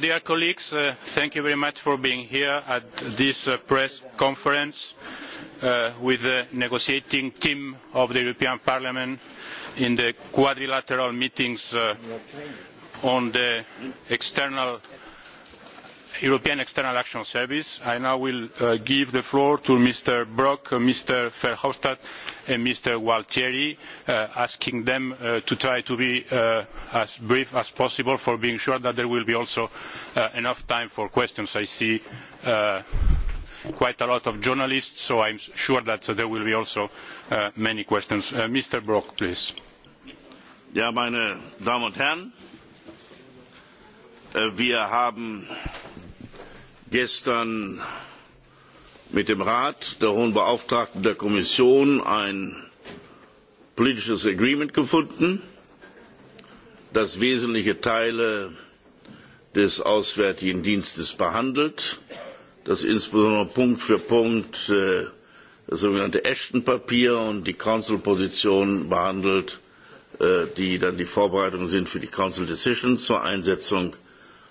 dear colleagues uh, thank you very much for being here at this uh, press conference uh, with the negotiating team of the european parliament in the quadrilateral meetings on the external european external action service i now will uh, give the floor to mr brok uh, mr verhofstadt and mr gualtieri uh, asking them to try to be as brief as possible for being sure that there will be also enough time for questions i see quite a lot of journalists so i'm sure that there will be also many questions mr brok please ja meine damen und herren äh, wir haben gestern mit dem rat der hohen beauftragten der kommission ein politisches agreement gefunden das wesentliche teile des auswärtigen dienstes behandelt das insbesondere punkt für punkt äh, das sogenannte ashton papier und die council position behandelt äh, die dann die vorbereitung sind für die council decision zur einsetzung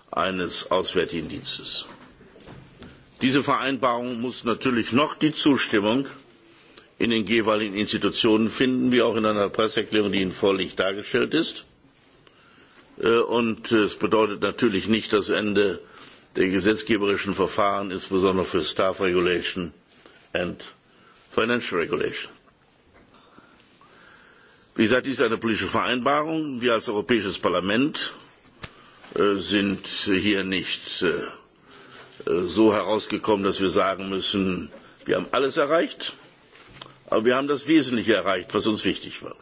eines auswärtigen dienstes diese vereinbarung muss natürlich noch die zustimmung in den jeweiligen institutionen finden wie auch in einer presseerklärung die ihnen vorliegt dargestellt ist. Äh, es bedeutet natürlich nicht das ende der gesetzgeberischen verfahren insbesondere für staff regulation and financial regulation. wie gesagt dies ist eine politische vereinbarung. wir als europäisches parlament äh, sind hier nicht äh, so herausgekommen, dass wir sagen müssen, wir haben alles erreicht, aber wir haben das Wesentliche erreicht, was uns wichtig war.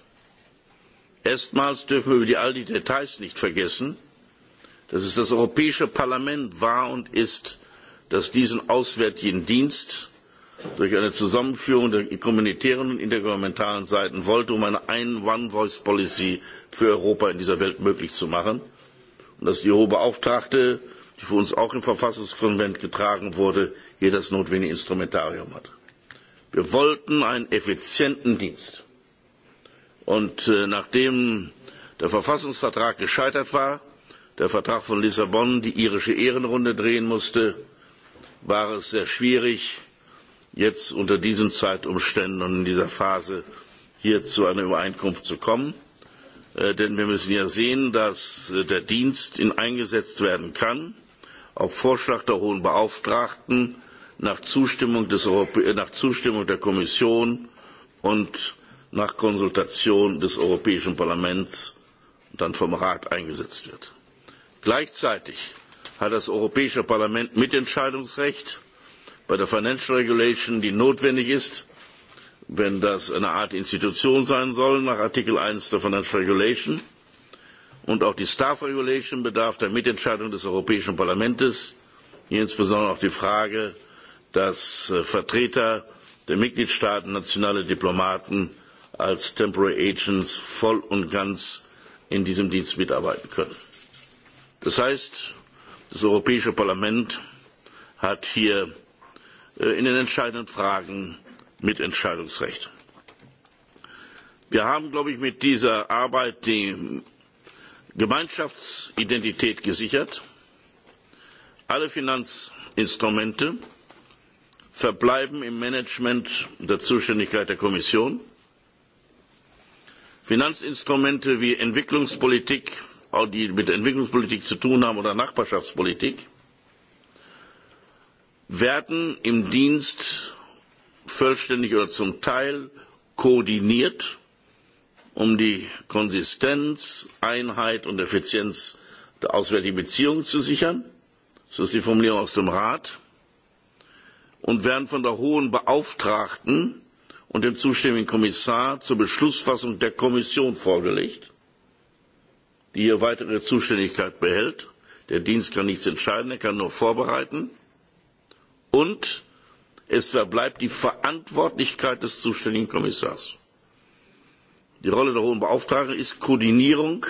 Erstmals dürfen wir über die, all die Details nicht vergessen, dass es das Europäische Parlament war und ist, das diesen auswärtigen Dienst durch eine Zusammenführung der kommunitären und intergouvernementalen Seiten wollte, um eine ein one voice policy für Europa in dieser Welt möglich zu machen. Und dass die hohe Beauftragte äh, die für uns auch im Verfassungskonvent getragen wurde, hier das notwendige Instrumentarium hat. Wir wollten einen effizienten Dienst. Und äh, nachdem der Verfassungsvertrag gescheitert war, der Vertrag von Lissabon die irische Ehrenrunde drehen musste, war es sehr schwierig, jetzt unter diesen Zeitumständen und in dieser Phase hier zu einer Übereinkunft zu kommen. Äh, denn wir müssen ja sehen, dass äh, der Dienst in eingesetzt werden kann auf Vorschlag der Hohen Beauftragten nach Zustimmung, des Europä äh, nach Zustimmung der Kommission und nach Konsultation des Europäischen Parlaments und dann vom Rat eingesetzt wird. Gleichzeitig hat das Europäische Parlament Mitentscheidungsrecht bei der Financial Regulation, die notwendig ist, wenn das eine Art Institution sein soll nach Artikel 1 der Financial Regulation und auch die staff regulation bedarf der mitentscheidung des europäischen parlaments hier insbesondere auch die frage dass äh, vertreter der mitgliedstaaten nationale diplomaten als temporary agents voll und ganz in diesem dienst mitarbeiten können. das heißt das europäische parlament hat hier äh, in den entscheidenden fragen mitentscheidungsrecht. wir haben glaube ich mit dieser arbeit die gemeinschaftsidentität gesichert alle finanzinstrumente verbleiben im management der zuständigkeit der kommission finanzinstrumente wie entwicklungspolitik auch die mit entwicklungspolitik zu tun haben oder nachbarschaftspolitik werden im dienst vollständig oder zum teil koordiniert um die Konsistenz, Einheit und Effizienz der auswärtigen Beziehungen zu sichern. Das ist die Formulierung aus dem Rat. Und werden von der hohen Beauftragten und dem zuständigen Kommissar zur Beschlussfassung der Kommission vorgelegt, die hier weitere Zuständigkeit behält. Der Dienst kann nichts entscheiden, er kann nur vorbereiten. Und es verbleibt die Verantwortlichkeit des zuständigen Kommissars die rolle der hohen beauftragten ist koordinierung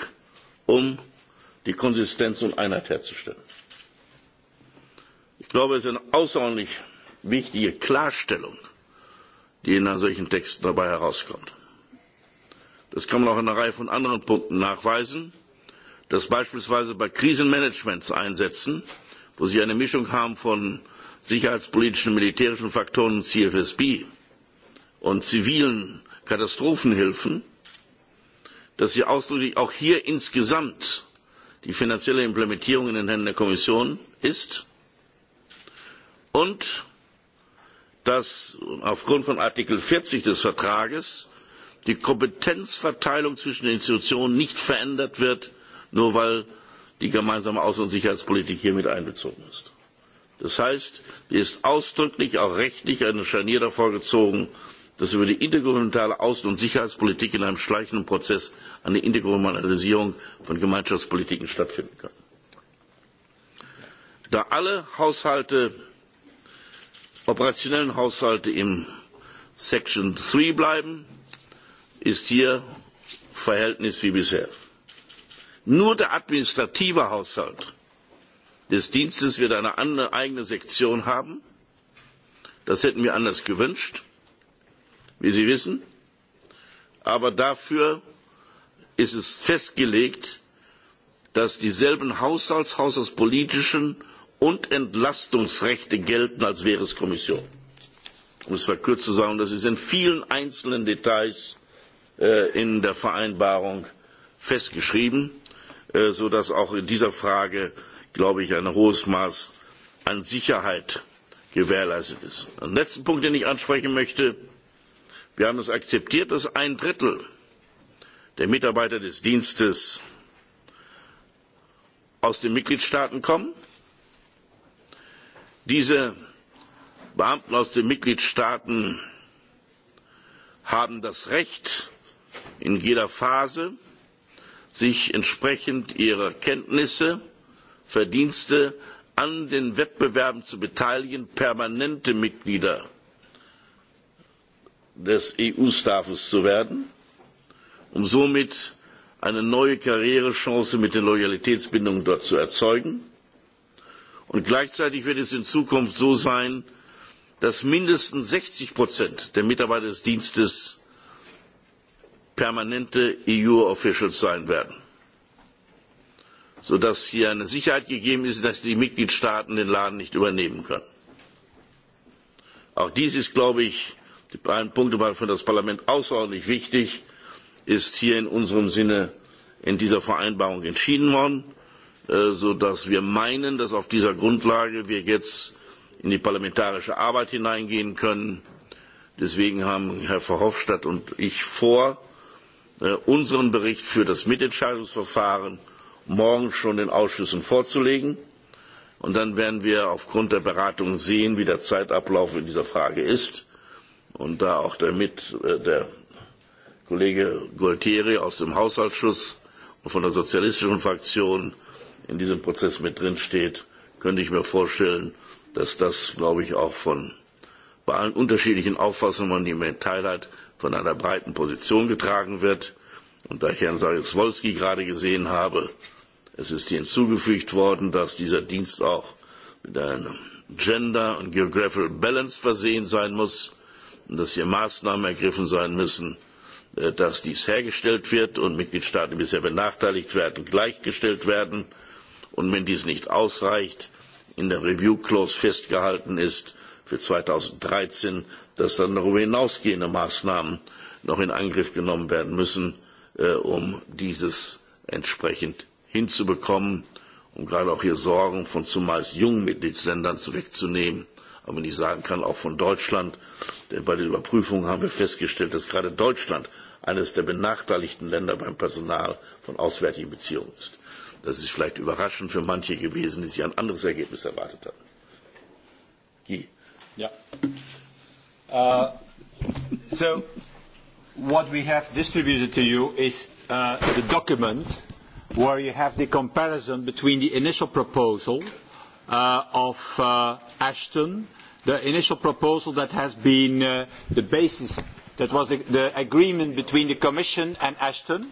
um die konsistenz und einheit herzustellen. ich glaube es ist eine außerordentlich wichtige klarstellung die in einem solchen text dabei herauskommt. das kann man auch in einer reihe von anderen punkten nachweisen dass beispielsweise bei krisenmanagements einsätzen wo sie eine mischung haben von sicherheitspolitischen und militärischen faktoren cfsb und zivilen katastrophenhilfen dass sie ausdrücklich auch hier insgesamt die finanzielle Implementierung in den Händen der Kommission ist und dass aufgrund von Artikel 40 des Vertrages die Kompetenzverteilung zwischen den Institutionen nicht verändert wird, nur weil die gemeinsame Außen- und Sicherheitspolitik hier mit einbezogen ist. Das heißt, hier ist ausdrücklich auch rechtlich ein Scharnier davor gezogen, dass über die intergouvernementale Außen- und Sicherheitspolitik in einem schleichenden Prozess eine Intergouvernementalisierung von Gemeinschaftspolitiken stattfinden kann. Da alle Haushalte, operationellen Haushalte im Section 3 bleiben, ist hier Verhältnis wie bisher. Nur der administrative Haushalt des Dienstes wird eine eigene Sektion haben. Das hätten wir anders gewünscht wie Sie wissen. Aber dafür ist es festgelegt, dass dieselben Haushalts-, Haushaltspolitischen und Entlastungsrechte gelten, als wäre es Kommission. Um es verkürzt zu sagen, das ist in vielen einzelnen Details äh, in der Vereinbarung festgeschrieben, äh, sodass auch in dieser Frage, glaube ich, ein hohes Maß an Sicherheit gewährleistet ist. Ein letzter Punkt, den ich ansprechen möchte, wir haben es akzeptiert dass ein drittel der mitarbeiter des dienstes aus den mitgliedstaaten kommen. diese beamten aus den mitgliedstaaten haben das recht in jeder phase sich entsprechend ihrer kenntnisse verdienste an den wettbewerben zu beteiligen permanente mitglieder des EU-Staffes zu werden, um somit eine neue Karrierechance mit den Loyalitätsbindungen dort zu erzeugen. Und gleichzeitig wird es in Zukunft so sein, dass mindestens 60 Prozent der Mitarbeiter des Dienstes permanente EU-Officials sein werden, sodass hier eine Sicherheit gegeben ist, dass die Mitgliedstaaten den Laden nicht übernehmen können. Auch dies ist, glaube ich, Die beiden Punkte waren für das Parlament außerordentlich wichtig, ist hier in unserem Sinne in dieser Vereinbarung entschieden worden, äh, sodass wir meinen, dass auf dieser Grundlage wir jetzt in die parlamentarische Arbeit hineingehen können. Deswegen haben Herr Verhofstadt und ich vor, äh, unseren Bericht für das Mitentscheidungsverfahren morgen schon den Ausschüssen vorzulegen. Und dann werden wir aufgrund der Beratung sehen, wie der Zeitablauf in dieser Frage ist und da auch damit äh, der Kollege Gualtieri aus dem Haushaltsschuss und von der sozialistischen Fraktion in diesem Prozess mit drin steht, könnte ich mir vorstellen, dass das, glaube ich, auch von bei allen unterschiedlichen Auffassungen, die man teilt, von einer breiten Position getragen wird. Und da ich Herrn Sajuswolski gerade gesehen habe, es ist hinzugefügt worden, dass dieser Dienst auch mit einem Gender und Geographical Balance versehen sein muss dass hier Maßnahmen ergriffen sein müssen, äh, dass dies hergestellt wird und Mitgliedstaaten, die bisher benachteiligt werden, gleichgestellt werden. Und wenn dies nicht ausreicht, in der Review Clause festgehalten ist für 2013, dass dann darüber hinausgehende Maßnahmen noch in Angriff genommen werden müssen, äh, um dieses entsprechend hinzubekommen, um gerade auch hier Sorgen von zumeist jungen Mitgliedsländern wegzunehmen aber nicht sagen kann, auch von Deutschland. Denn bei den Überprüfungen haben wir festgestellt, dass gerade Deutschland eines der benachteiligten Länder beim Personal von auswärtigen Beziehungen ist. Das ist vielleicht überraschend für manche gewesen, die sich ein anderes Ergebnis erwartet haben. Guy. Ja. Uh, so, what we have distributed to you is uh, the document where you have the comparison between the initial proposal uh, of uh, Ashton, the initial proposal that has been uh, the basis, that was the, the agreement between the Commission and Ashton.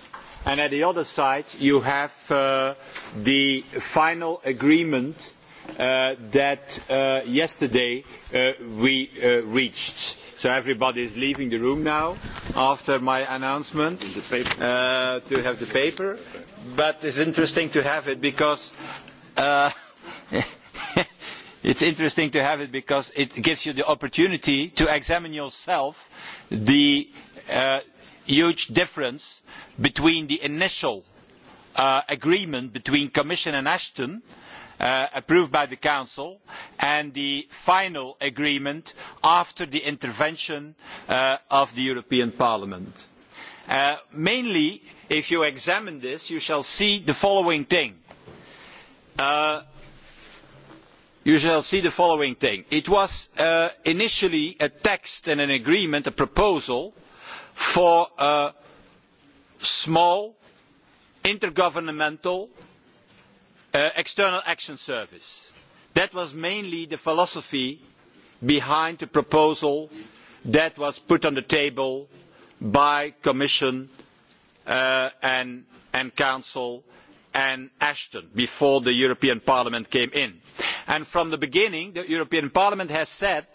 And at the other side, you have uh, the final agreement uh, that uh, yesterday uh, we uh, reached. So everybody is leaving the room now after my announcement uh, to have the paper. But it's interesting to have it because. Uh, it's interesting to have it because it gives you the opportunity to examine yourself the uh, huge difference between the initial uh, agreement between Commission and Ashton, uh, approved by the Council, and the final agreement after the intervention uh, of the European Parliament. Uh, mainly, if you examine this, you shall see the following thing. Uh, you shall see the following thing it was uh, initially a text and an agreement a proposal for a small intergovernmental uh, external action service that was mainly the philosophy behind the proposal that was put on the table by commission uh, and and council and ashton before the european parliament came in and from the beginning the european parliament has said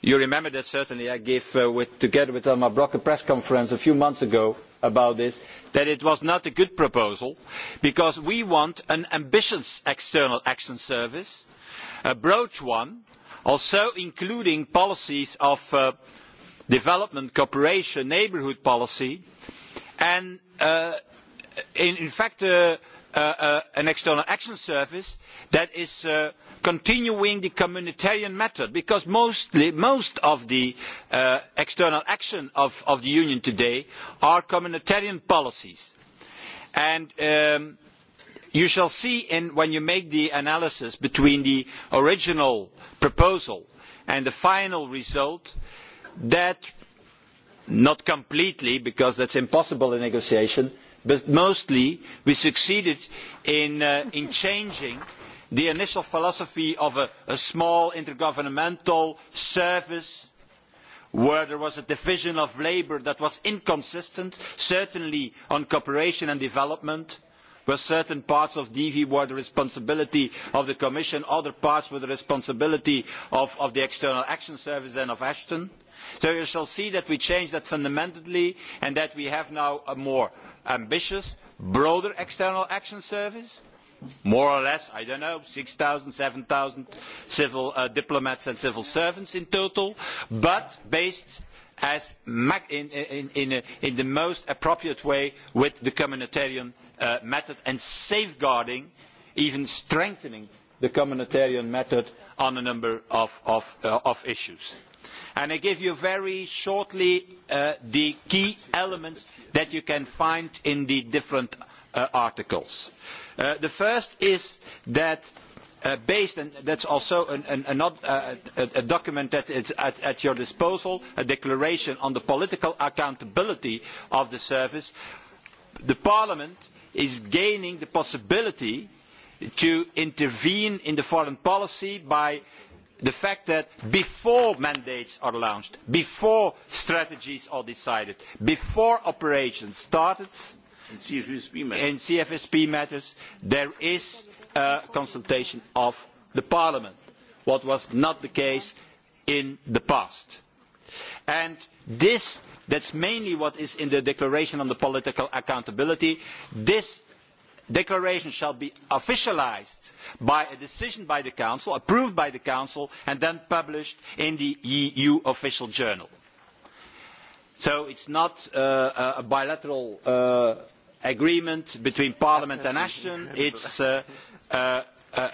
you remember that certainly i gave uh, with, together with elmar brok a press conference a few months ago about this that it was not a good proposal because we want an ambitious external action service a broad one also including policies of uh, development cooperation neighborhood policy and uh, in, in fact uh, Uh, uh, an external action service that is uh, continuing the communitarian method because mostly, most of the uh, external action of, of the union today are communitarian policies. And um, you shall see in, when you make the analysis between the original proposal and the final result that not completely, because that's impossible in negotiation, but mostly we succeeded in, uh, in changing the initial philosophy of a, a small intergovernmental service where there was a division of labour that was inconsistent, certainly on cooperation and development, where certain parts of DV were the responsibility of the Commission, other parts were the responsibility of, of the External Action Service and of Ashton. Uh, so you shall see that we change that fundamentally and that we have now a more ambitious broader external action service more or less i don't know 6000 7000 civil uh, diplomats and civil servants in total but based as ma- in, in, in, a, in the most appropriate way with the communitarian uh, method and safeguarding even strengthening the communitarian method on a number of, of, uh, of issues and i give you very shortly uh, the key elements that you can find in the different uh, articles. Uh, the first is that uh, based, and that's also an, an, another, uh, a, a document that is at, at your disposal, a declaration on the political accountability of the service, the Parliament is gaining the possibility to intervene in the foreign policy by the fact that before mandates are launched, before strategies are decided, before operations started in CFSP matters, in CFSP matters there is a consultation of the Parliament, what was not the case in the past. And this, that's mainly what is in the Declaration on the Political Accountability, this declaration shall be officialised by a decision by the council approved by the council and then published in the eu official journal. so it is not uh, a bilateral uh, agreement between parliament and ashton. it is uh, uh,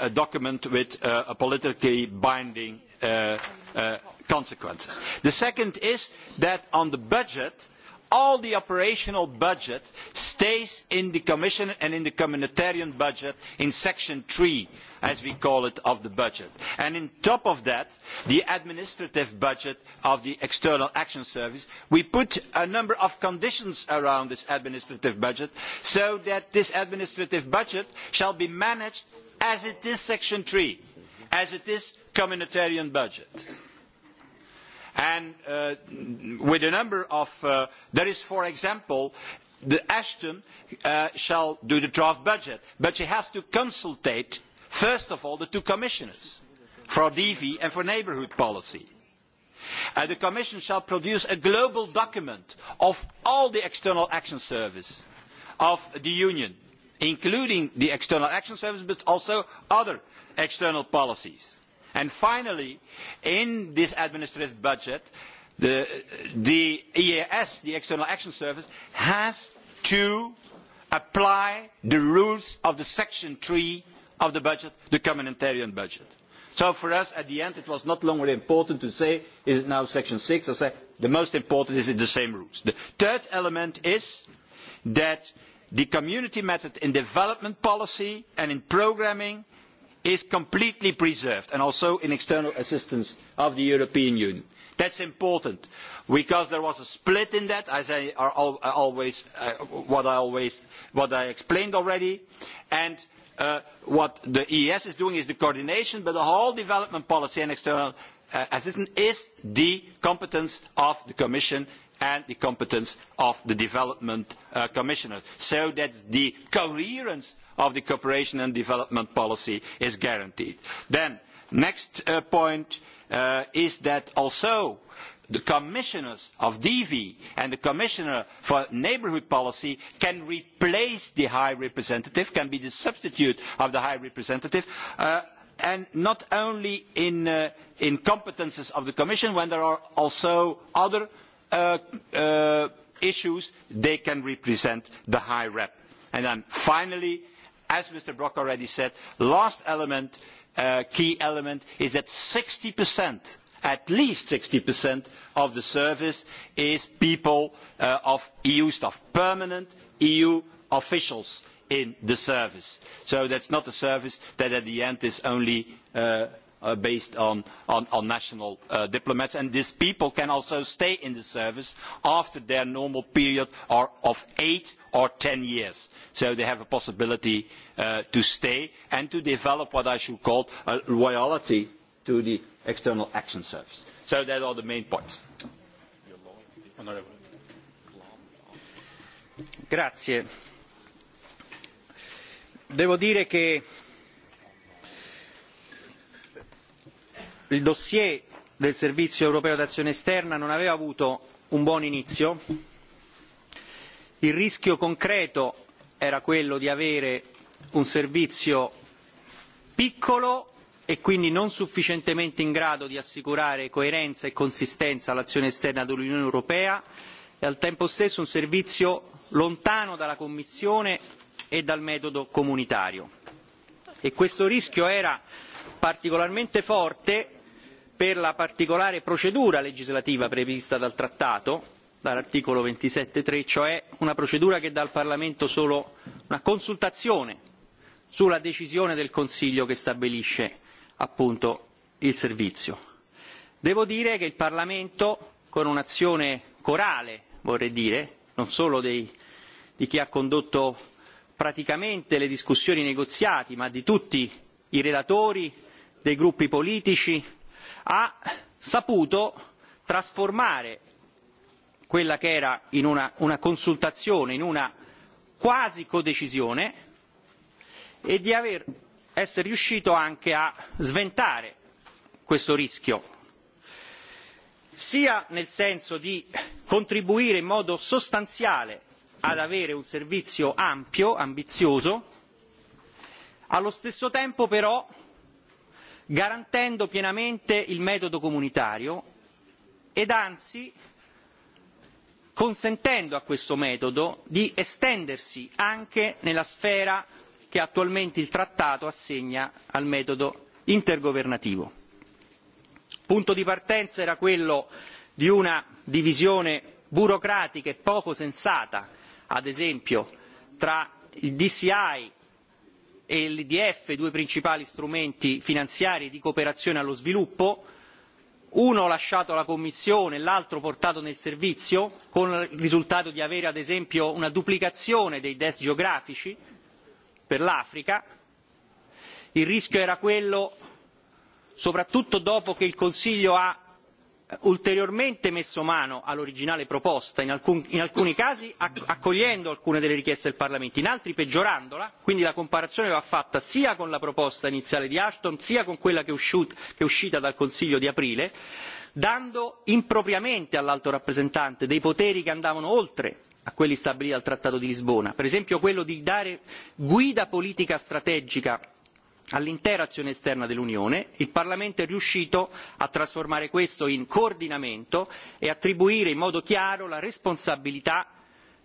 a document with uh, a politically binding uh, uh, consequences. the second is that on the budget, uh, all the operational budget stays in the commission and in the communitarian budget in section three as we call it of the budget and on top of that the administrative budget of the external action service we put a number of conditions around this administrative budget so that this administrative budget shall be managed as it is section three as it is communitarian budget and uh, with a number of uh, there is for example the ashton uh, shall do the draft budget but she has to consultate first of all the two commissioners for dv and for neighborhood policy and the commission shall produce a global document of all the external action service of the union including the external action service but also other external policies finally in this administrative budget the eeas the external action service has to apply the rules of section three of the budget the communitarian budget. so for us at the end it was no longer important to say is it now section six or say the most important is it the same rules. the third element is that the community method in development policy and in programming is completely preserved and also in external assistance of the European Union. That's important because there was a split in that, as I uh, always, uh, what I always, what I explained already. And uh, what the EES is doing is the coordination, but the whole development policy and external uh, assistance is the competence of the Commission and the competence of the development uh, commissioner. So that's the coherence of the cooperation and development policy is guaranteed. Then, next uh, point uh, is that also the commissioners of DV and the commissioner for neighbourhood policy can replace the high representative, can be the substitute of the high representative, uh, and not only in, uh, in competences of the commission, when there are also other uh, uh, issues, they can represent the high rep. And then finally, as mr brok already said last uh, key element is that sixty at least sixty of the service is people uh, of eu staff permanent eu officials in the service so that is not a service that in the end is only uh, uh, based on, on, on national uh, diplomats. And these people can also stay in the service after their normal period are of eight or ten years. So they have a possibility uh, to stay and to develop what I should call a loyalty to the external action service. So that are the main points. Grazie. Devo dire che il dossier del servizio europeo per l'azione esterna non aveva avuto un buon inizio il rischio concreto era quello di avere un servizio piccolo e quindi non sufficientemente in grado di assicurare coerenza e consistenza all'azione esterna dell'unione europea e al tempo stesso un servizio lontano dalla commissione e dal metodo comunitario e questo rischio era particolarmente forte per la particolare procedura legislativa prevista dal trattato dall'articolo 27.3, cioè una procedura che dà al Parlamento solo una consultazione sulla decisione del Consiglio che stabilisce appunto il servizio. Devo dire che il Parlamento, con un'azione corale, vorrei dire, non solo dei, di chi ha condotto praticamente le discussioni negoziati, ma di tutti i relatori, dei gruppi politici, ha saputo trasformare quella che era una consultazione in una quasi codecisione e di aver, essere riuscito anche a sventare questo rischio, sia nel senso di contribuire in modo sostanziale ad avere un servizio ampio, ambizioso, allo stesso tempo però garantendo pienamente il metodo comunitario ed anzi consentendo a questo metodo di estendersi anche nella sfera che attualmente il trattato assegna al metodo intergovernativo. Il punto di partenza era quello di una divisione burocratica e poco sensata ad esempio tra il DCI e l'edf due principali strumenti finanziari di cooperazione allo sviluppo uno lasciato alla commissione e l'altro portato nel servizio con il risultato di avere ad esempio una duplicazione dei desk geografici per l'africa il rischio era quello soprattutto dopo che il consiglio ha ulteriormente messo mano all'originale proposta in alcuni casi accogliendo alcune delle richieste del parlamento in altri peggiorandola quindi la comparazione va fatta sia con la proposta iniziale di ashton sia con quella che è uscita dal consiglio di aprile dando impropriamente all'alto rappresentante dei poteri che andavano oltre a quelli stabiliti dal trattato di lisbona per esempio quello di dare guida politica strategica all'intera azione esterna dell'unione il parlamento è riuscito a trasformare questo in coordinamento e attribuire in modo chiaro la responsabilità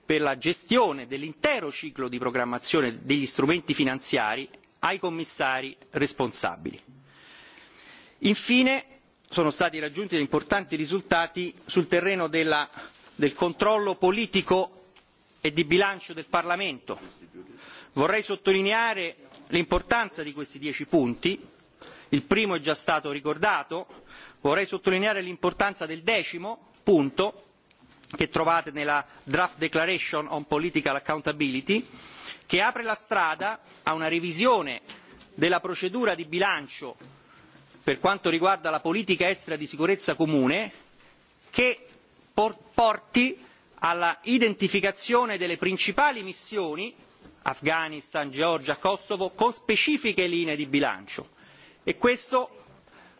per la gestione dell'intero ciclo di programmazione degli strumenti finanziari ai commissari responsabili. infine sono stati raggiunti importanti risultati sul terreno della, del controllo politico e di bilancio del parlamento. vorrei sottolineare l'importanza di questi dieci punti il primo è già stato ricordato vorrei sottolineare l'importanza del decimo punto che trovate nella draft declaration on political accountability che apre la strada a una revisione della procedura di bilancio per quanto riguarda la politica estera di sicurezza comune che porti alla identificazione delle principali missioni Afghanistan, Georgia, Kosovo, con specifiche linee di bilancio. E questo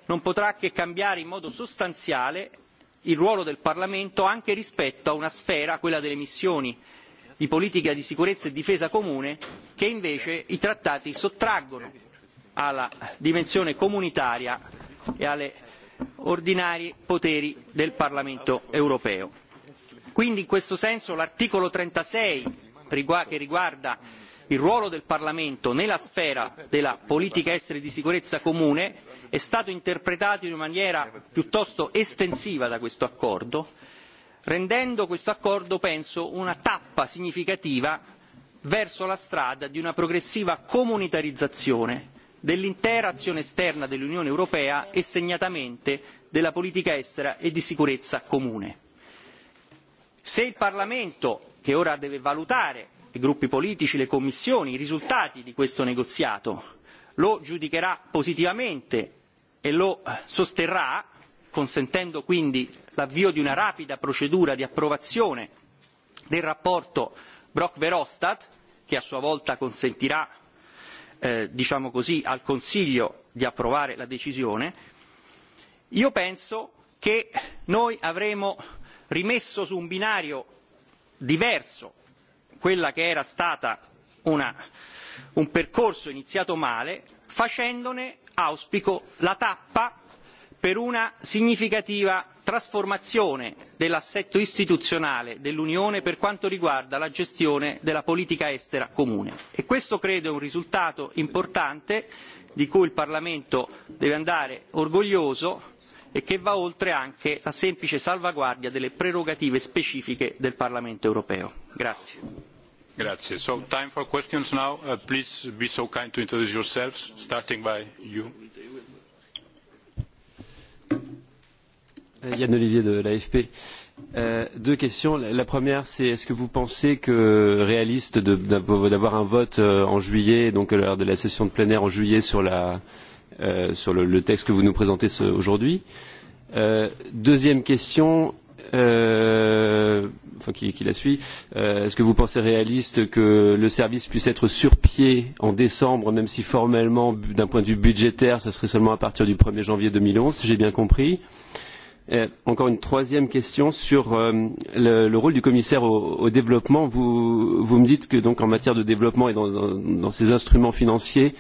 non potrà che cambiare in modo sostanziale il ruolo del Parlamento anche rispetto a una sfera, quella delle missioni di politica di sicurezza e difesa comune, che invece i trattati sottraggono alla dimensione comunitaria e alle ordinari poteri del Parlamento europeo. Quindi in questo senso l'articolo 36 che riguarda il ruolo del parlamento nella sfera della politica estera e di sicurezza comune è stato interpretato in maniera piuttosto estensiva da questo accordo rendendo questo accordo penso una tappa significativa verso la strada di una progressiva comunitarizzazione dell'intera azione esterna dell'unione europea e segnatamente della politica estera e di sicurezza comune. se il parlamento che ora deve valutare i gruppi politici le commissioni i risultati di questo negoziato lo giudicherà positivamente e lo sosterrà consentendo quindi l'avvio di una rapida procedura di approvazione del rapporto brok verhofstadt che a sua volta consentirà eh, diciamo così, al consiglio di approvare la decisione io penso che noi avremo rimesso su un binario diverso quella che era stata un percorso iniziato male facendone auspico la tappa per una significativa trasformazione dell'assetto istituzionale dell'unione per quanto riguarda la gestione della politica estera comune e questo credo è un risultato importante di cui il parlamento deve andare orgoglioso e che va oltre anche la semplice salvaguardia delle prerogative specifiche del Parlamento europeo. Grazie. Grazie. So time for questions now. Uh, please be so kind to introduce yourselves, starting by you. Euh, Yann Olivier de l'AFP. Euh, deux questions. La première, c'est est-ce que vous pensez que réaliste d'avoir un vote euh, en juillet, donc lors de la session de plénière en juillet sur la, euh, euh, sur le, le texte que vous nous présentez ce, aujourd'hui. Euh, deuxième question, euh, enfin, qui, qui la suit, euh, est-ce que vous pensez réaliste que le service puisse être sur pied en décembre, même si formellement, d'un point de vue budgétaire, ça serait seulement à partir du 1er janvier 2011, si j'ai bien compris euh, Et euh, encore une troisième question sur euh, le, le rôle du commissaire au, au développement. Vous, vous me dites que donc en matière de développement et dans, dans, dans ces instruments financiers,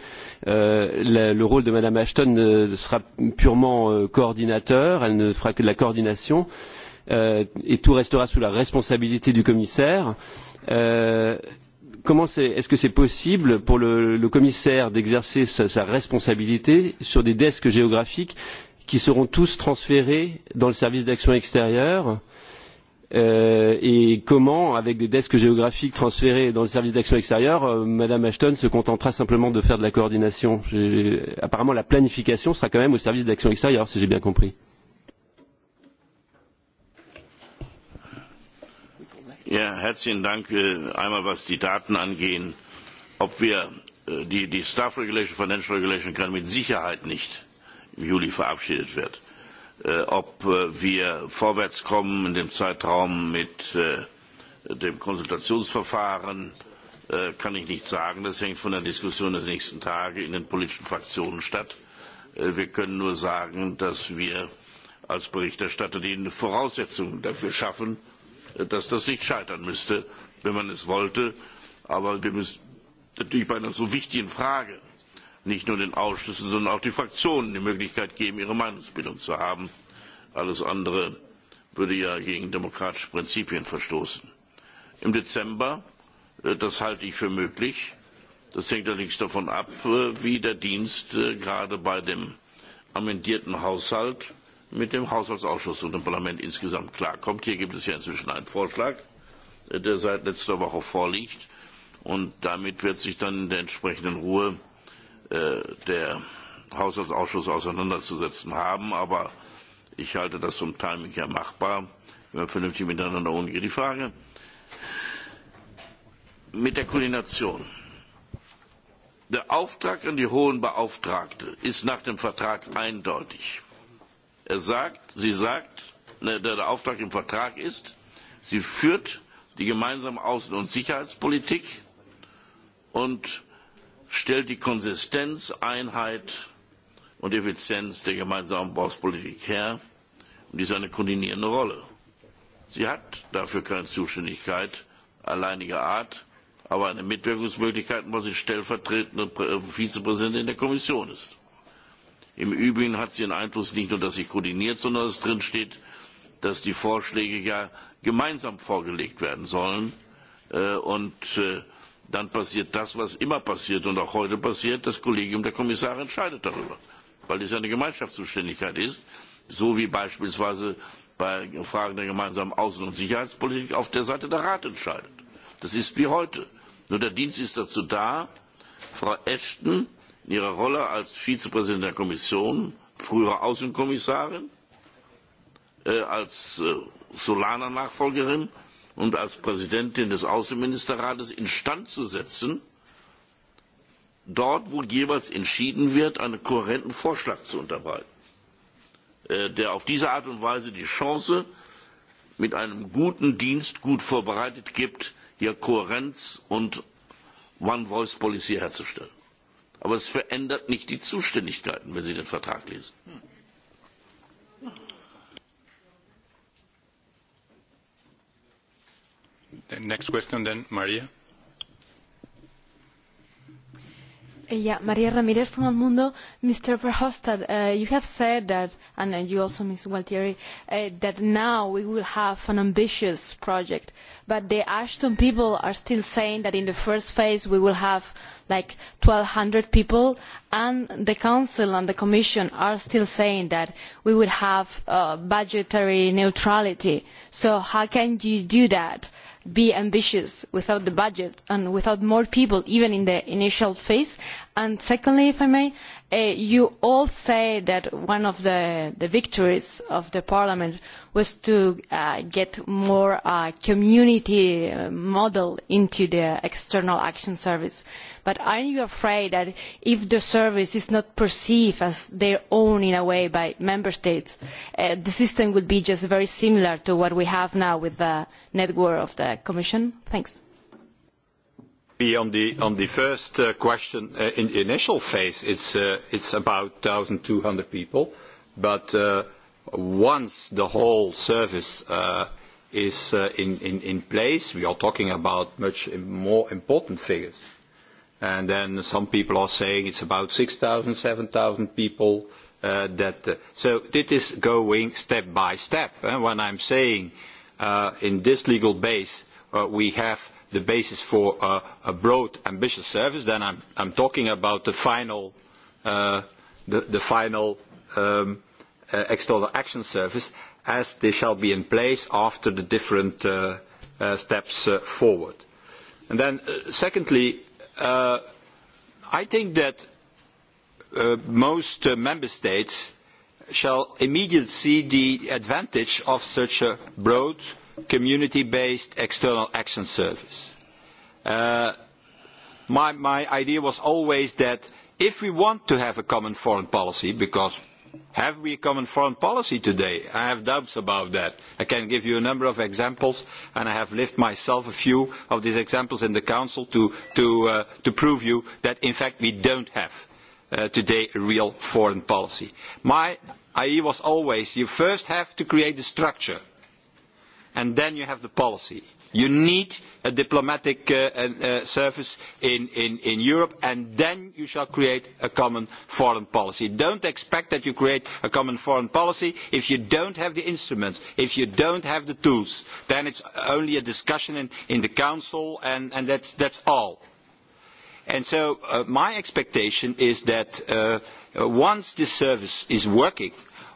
euh, la, le rôle de Madame Ashton euh, sera purement euh, coordinateur, elle ne fera que de la coordination euh, et tout restera sous la responsabilité du commissaire. Euh, Comment c'est, est-ce que c'est possible pour le, le commissaire d'exercer sa, sa responsabilité sur des desks géographiques qui seront tous transférés dans le service d'action extérieure euh, et comment, avec des desks géographiques transférés dans le service d'action extérieure, euh, Madame Ashton se contentera simplement de faire de la coordination. Apparemment, la planification sera quand même au service d'action extérieure, si j'ai bien compris. Ja, herzlichen Dank. Äh, einmal was die Daten angehen. Ob wir äh, die, die Staff Regulation, Financial Regulation kann mit Sicherheit nicht im Juli verabschiedet wird. Äh, ob äh, wir vorwärtskommen in dem Zeitraum mit äh, dem Konsultationsverfahren, äh, kann ich nicht sagen. Das hängt von der Diskussion der nächsten Tage in den politischen Fraktionen statt. Äh, wir können nur sagen, dass wir als Berichterstatter die Voraussetzungen dafür schaffen, äh, dass das nicht scheitern müsste, wenn man es wollte. Aber wir müssen natürlich bei einer so wichtigen Frage nicht nur den ausschüssen sondern auch den fraktionen die möglichkeit geben ihre meinungsbildung zu haben. alles andere würde ja gegen demokratische prinzipien verstoßen. im dezember äh, das halte ich für möglich. das hängt allerdings davon ab äh, wie der dienst äh, gerade bei dem amendierten haushalt mit dem haushaltsausschuss und dem parlament insgesamt klarkommt. hier gibt es ja inzwischen einen vorschlag der seit letzter woche vorliegt und damit wird sich dann in der entsprechenden ruhe Äh, der Haushaltsausschuss auseinanderzusetzen haben. Aber ich halte das zum Timing ja machbar, wenn wir vernünftig miteinander umgehen. Die Frage mit der Koordination. Der Auftrag an die hohen Beauftragte ist nach dem Vertrag eindeutig. Er sagt, sie sagt, der Auftrag im Vertrag ist, sie führt die gemeinsame Außen- und Sicherheitspolitik und stellt die Konsistenz, Einheit und Effizienz der gemeinsamen Bauspolitik her und ist eine koordinierende Rolle. Sie hat dafür keine Zuständigkeit alleiniger Art, aber eine Mitwirkungsmöglichkeit, weil sie stellvertretende äh, Vizepräsidentin der Kommission ist. Im Übrigen hat sie den Einfluss nicht nur, dass sie koordiniert, sondern dass drin steht, dass die Vorschläge ja gemeinsam vorgelegt werden sollen. Äh, und äh, dann passiert das, was immer passiert und auch heute passiert, das Kollegium der Kommissare entscheidet darüber, weil es ja eine Gemeinschaftszuständigkeit ist, so wie beispielsweise bei Fragen der gemeinsamen Außen- und Sicherheitspolitik auf der Seite der Rat entscheidet. Das ist wie heute. Nur der Dienst ist dazu da, Frau Ashton in ihrer Rolle als Vizepräsidentin der Kommission, frühere Außenkommissarin, äh, als äh, Solana-Nachfolgerin, und als Präsidentin des Außenministerrates instand zu setzen, dort, wo jeweils entschieden wird, einen kohärenten Vorschlag zu unterbreiten, äh, der auf diese Art und Weise die Chance mit einem guten Dienst gut vorbereitet gibt, hier Kohärenz und One-Voice-Policy herzustellen. Aber es verändert nicht die Zuständigkeiten, wenn Sie den Vertrag lesen. Hm. next question then, Maria. Yeah, Maria Ramirez from El Mundo. Mr. Verhofstadt, uh, you have said that, and uh, you also, Ms. Gualtieri, uh, that now we will have an ambitious project. But the Ashton people are still saying that in the first phase we will have like 1,200 people and the council and the commission are still saying that we will have uh, budgetary neutrality so how can you do that be ambitious without the budget and without more people even in the initial phase? secondly if i may ask Eh, you all say that one of the, the victories of the parliament was to uh, get more uh, community uh, model into the external action service. but aren't you afraid that if the service is not perceived as their own in a way by member states, uh, the system would be just very similar to what we have now with the network of the commission? thanks. Maybe on the first uh, question, uh, in the initial phase, it's uh, about 1,200 people. But once the whole service is in place, we are talking about much more important figures. And then some people are saying it's about 6,000, 7,000 people that. So this is going step by step. Eh? When I'm saying in this legal base, we have the basis for a, a broad, ambitious service. Then I'm, I'm talking about the final, uh, the, the final um, uh, external action service, as they shall be in place after the different uh, uh, steps uh, forward. And then, uh, secondly, uh, I think that uh, most uh, member states shall immediately see the advantage of such a broad, uh, community-based external action service. Uh, my, my idea was always that if we want to have a common foreign policy, because have we a common foreign policy today? I have doubts about that. I can give you a number of examples, and I have lived myself a few of these examples in the Council to, to, uh, to prove you that, in fact, we don't have uh, today a real foreign policy. My idea was always you first have to create a structure – and then you have the policy. You need a diplomatic uh, uh, uh, service in, in, in Europe, and then you shall create a common foreign policy. Don't expect that you create a common foreign policy if you don't have the instruments, if you don't have the tools. Then it's only a discussion in, in the Council, and, and that's, that's all. And so uh, my expectation is that uh, uh once this service is working,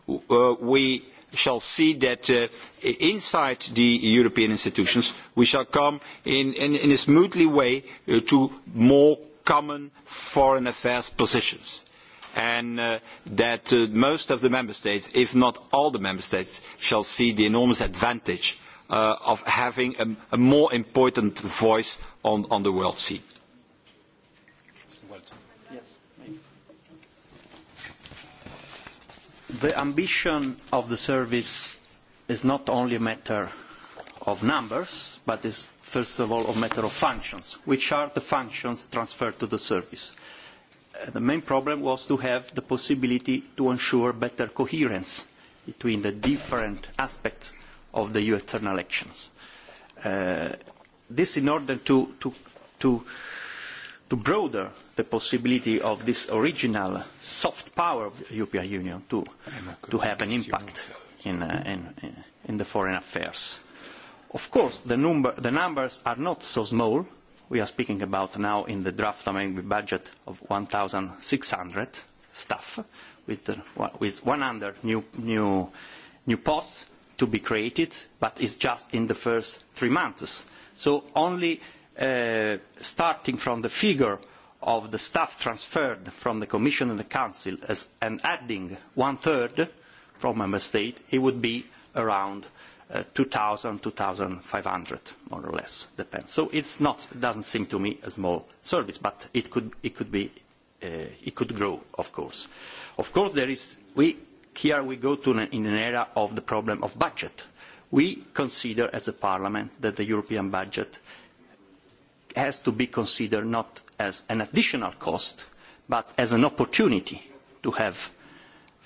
uh, we shall see that uh, inside the European institutions we shall come in, in, in a smoothly way uh, to more common foreign affairs positions and uh, that uh, most of the member states, if not all the member states, shall see the enormous advantage uh, of having a, a more important voice on, on the world scene. the ambition of the service is not only a matter of numbers, but is first of all a matter of functions. Which are the functions transferred to the service? Uh, the main problem was to have the possibility to ensure better coherence between the different aspects of the EU external actions. Uh, this in order to, to, to to broaden the possibility of this original soft power of the European Union to, to have an impact in, uh, in, in the foreign affairs. Of course, the, number, the numbers are not so small. We are speaking about now in the draft amendment budget of 1,600 staff with, uh, with 100 new, new, new posts to be created, but it's just in the first three months. So only Uh, starting from the figure of the staff transferred from the Commission and the Council as, and adding one-third from Member State, it would be around uh, 2,000, 2,500, more or less, depends. So it's not, it doesn't seem to me a small service, but it could, it could be, uh, it could grow, of course. Of course, there is, we, here we go to an, in an era of the problem of budget. We consider as a Parliament that the European budget has to be considered not as an additional cost, but as an opportunity to have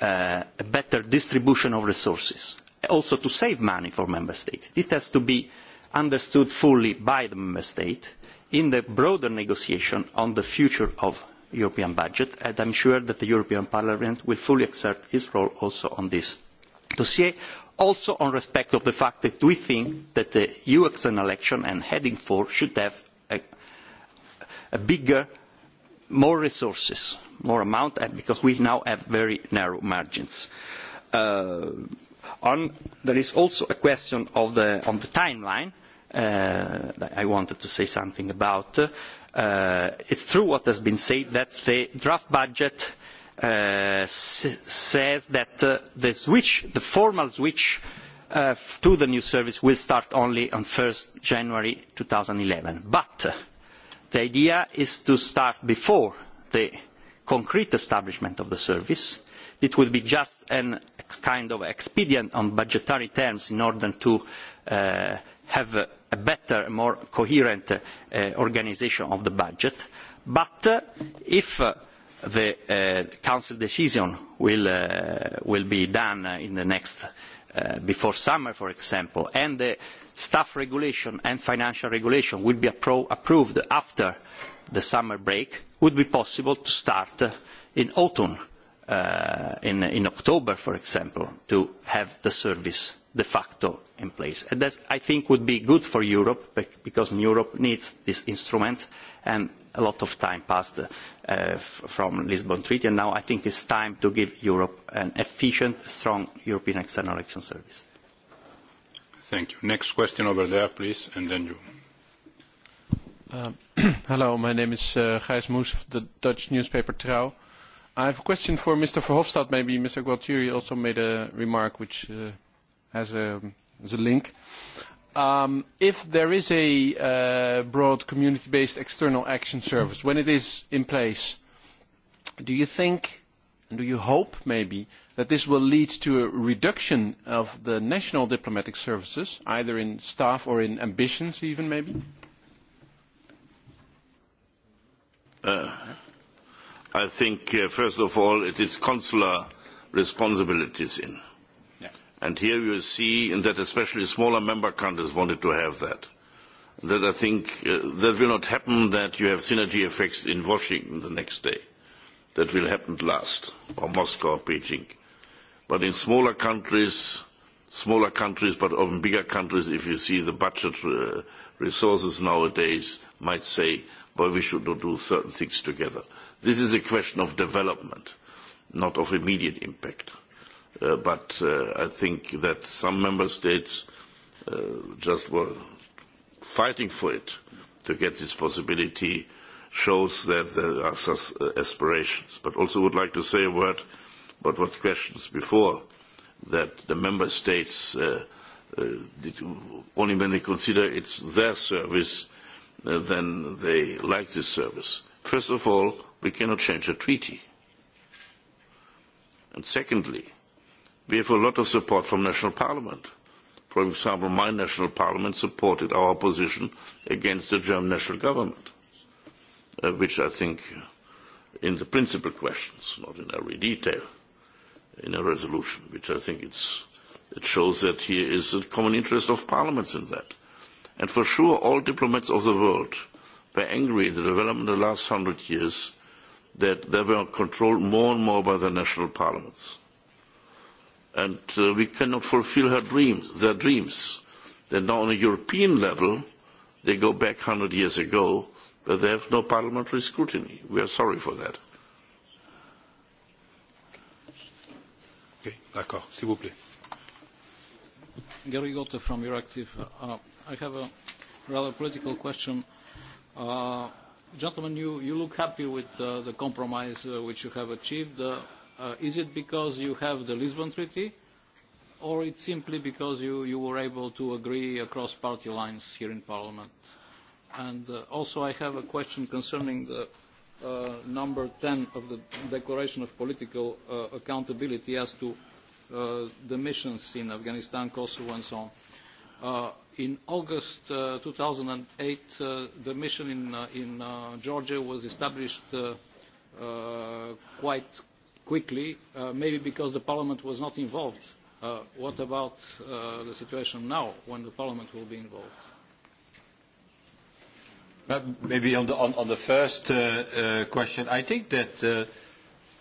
uh, a better distribution of resources, also to save money for member states. This has to be understood fully by the member state in the broader negotiation on the future of European budget, and I'm sure that the European Parliament will fully exert its role also on this dossier, also on respect of the fact that we think that the EU external action and heading 4 should have a bigger, more resources, more amount, because we now have very narrow margins. Uh, on, there is also a question of the, on the timeline uh, that I wanted to say something about. Uh, it's true what has been said that the draft budget uh, s says that uh, the switch, the formal switch uh, to the new service will start only on 1st January 2011. But uh, the idea is to start before the concrete establishment of the service. It would be just a kind of expedient on budgetary terms in order to uh, have a, a better, more coherent uh, organization of the budget. But uh, if uh, the uh, Council decision will, uh, will be done in the next, uh, before summer, for example, and the uh, staff regulation and financial regulation will be appro approved after the summer break, would be possible to start in autumn, uh, in, in October, for example, to have the service de facto in place. And that, I think, would be good for Europe, because Europe needs this instrument, and a lot of time passed uh, from Lisbon Treaty, and now I think it's time to give Europe an efficient, strong European External Action Service. Thank you. Next question over there, please, and then you. Uh, hello, my name is uh, Gijs Moes of the Dutch newspaper Trouw. I have a question for Mr. Verhofstadt. Maybe Mr. Gualtieri also made a remark which uh, has, a, has a link. Um, if there is a uh, broad community-based external action service, when it is in place, do you think, and do you hope maybe, uh, that this will lead to a reduction of the national diplomatic services, either in staff or in ambitions, even maybe? Uh, I think, uh, first of all, it is consular responsibilities in. Yeah. And here you see in that especially smaller member countries wanted to have that. That I think uh, that will not happen that you have synergy effects in Washington the next day. That will happen last, or Moscow or Beijing but in smaller countries, smaller countries, but often bigger countries, if you see the budget uh, resources nowadays, might say, boy, we should not do certain things together. This is a question of development, not of immediate impact. Uh, but uh, I think that some member states uh, just were fighting for it to get this possibility shows that there are uh, aspirations. But also would like to say a word but what questions before that the member states uh, uh, only when they consider it's their service uh, then they like this service. First of all, we cannot change a treaty. And secondly, we have a lot of support from national parliament. For example, my national parliament supported our position against the German national government, uh, which I think in the principal questions, not in every detail, in a resolution, which I think it's, it shows that here is a common interest of parliaments in that. And for sure, all diplomats of the world were angry in the development of the last hundred years that they were controlled more and more by the national parliaments. And uh, we cannot fulfill her dreams, their dreams. That now on a European level, they go back 100 years ago, but they have no parliamentary scrutiny. We are sorry for that. D'accord, s'il vous plaît. Gary Gotte from Euractiv. Uh, I have a rather political question. Uh, gentlemen, you look happy with uh, the compromise which you have achieved. Is it because you have the Lisbon Treaty, or it's simply because you were able to agree across party lines here in parliament? And also, I have a question concerning the number 10 of the Declaration of Political Accountability as to Uh, the missions in Afghanistan, Kosovo, and so on. Uh, in August uh, 2008, uh, the mission in, uh, in uh, Georgia was established uh, uh, quite quickly, uh, maybe because the Parliament was not involved. Uh, what about uh, the situation now when the Parliament will be involved? Uh, maybe on the, on, on the first uh, uh, question, I think that uh,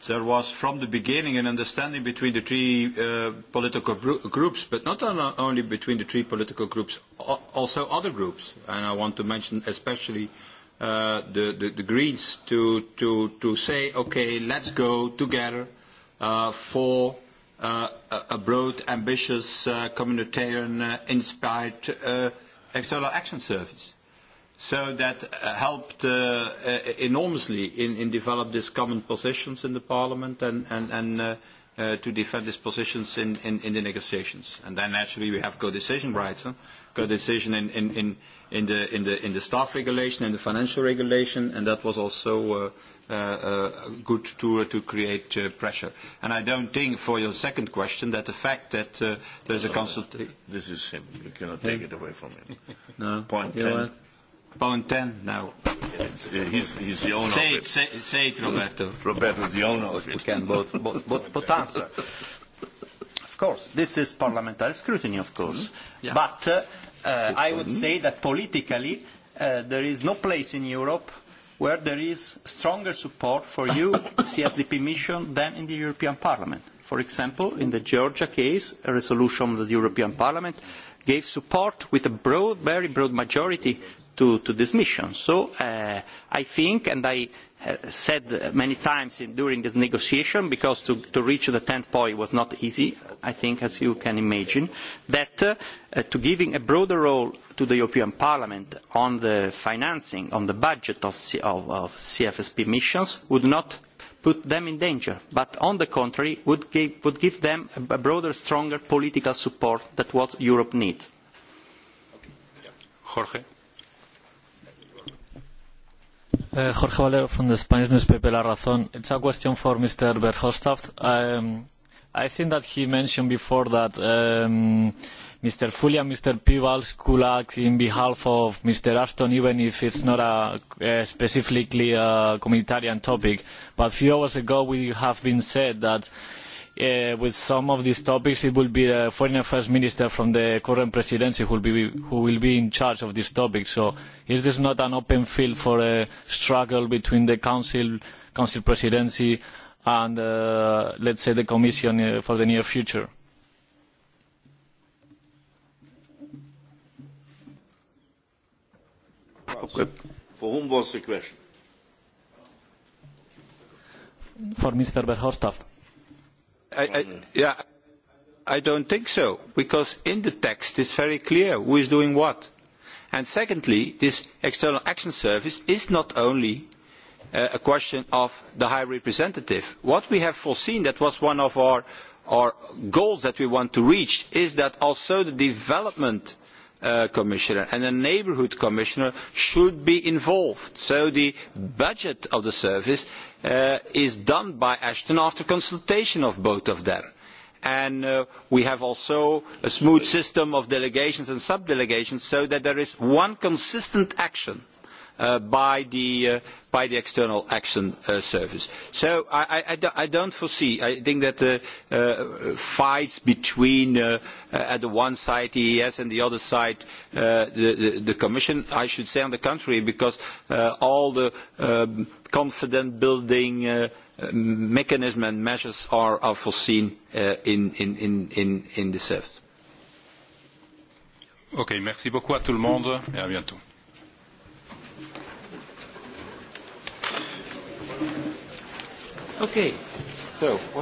there was from the beginning an understanding between the three uh, political groups, but not only between the three political groups, also other groups. And I want to mention especially uh, the, the, the Greens to, to, to say, okay, let's go together uh, for uh, a broad, ambitious, uh, communitarian-inspired uh, uh, external action service. That uh, helped uh, e-, enormously in develop these common positions in the parliament and uh, to defend these positions in the negotiations. Naturally, we have co-decision rights. Co-decision in the staff regulation, in the financial regulation, and that was also good to create pressure. I don't think for your second question that the fact that there's a consultation. This is him. You cannot take it away from him. No. Point 10. Point ten now. It's, uh, he's, he's the owner. Say it, say, say it, Roberto. Roberto's the owner. Of it. We can both, both, both, both answer. of course, this is parliamentary scrutiny, of course. Mm-hmm. Yeah. But uh, uh, I would mm-hmm. say that politically, uh, there is no place in Europe where there is stronger support for you CSDP mission than in the European Parliament. For example, in the Georgia case, a resolution of the European Parliament gave support with a broad, very broad majority to, to this mission. So uh, I think, and I uh, said many times in, during this negotiation, because to, to reach the 10th point was not easy, I think, as you can imagine, that uh, to giving a broader role to the European Parliament on the financing, on the budget of, C of, of CFSP missions would not put them in danger, but on the contrary, would give, would give them a, a broader, stronger political support that what Europe needs. Jorge. Eh, Jorge Valero from the Spanish newspaper La Razón. It's a question for Mr. Berhostaft. Um, I think that he mentioned before that um, Mr. Fulia and Mr. Pivals could act in behalf of Mr. Ashton, even if it's not a, a eh, specifically a communitarian topic. But a few hours ago, we have been said that Uh, with some of these topics. It will be the foreign affairs minister from the current presidency who will be, who will be in charge of this topic. So is this not an open field for a struggle between the council, council presidency and, uh, let's say, the commission uh, for the near future? Okay. For whom was the question? For Mr. Verhofstadt yeah, I don't think so, because in the text it's very clear who is doing what. And secondly, this external action service is not only uh, a question of the high representative. What we have foreseen, that was one of our, our goals that we want to reach, is that also the development uh, Uh, commissioner and a neighbourhood commissioner should be involved so the budget of the service uh, is done by ashton after consultation of both of them and uh, we have also a smooth system of delegations and sub delegations so that there is one consistent action. Uh, by the uh, by the external action uh, service. So I, I, I don't foresee. I think that the uh, uh, fights between uh, uh, at the one side EES and the other side uh, the, the the Commission. I should say on the contrary, because uh, all the um, confident building. Uh, mechanism and measures are, are foreseen uh, in, in, in, in, in the service. Okay, merci beaucoup à tout le monde et à bientôt. Okay. So, what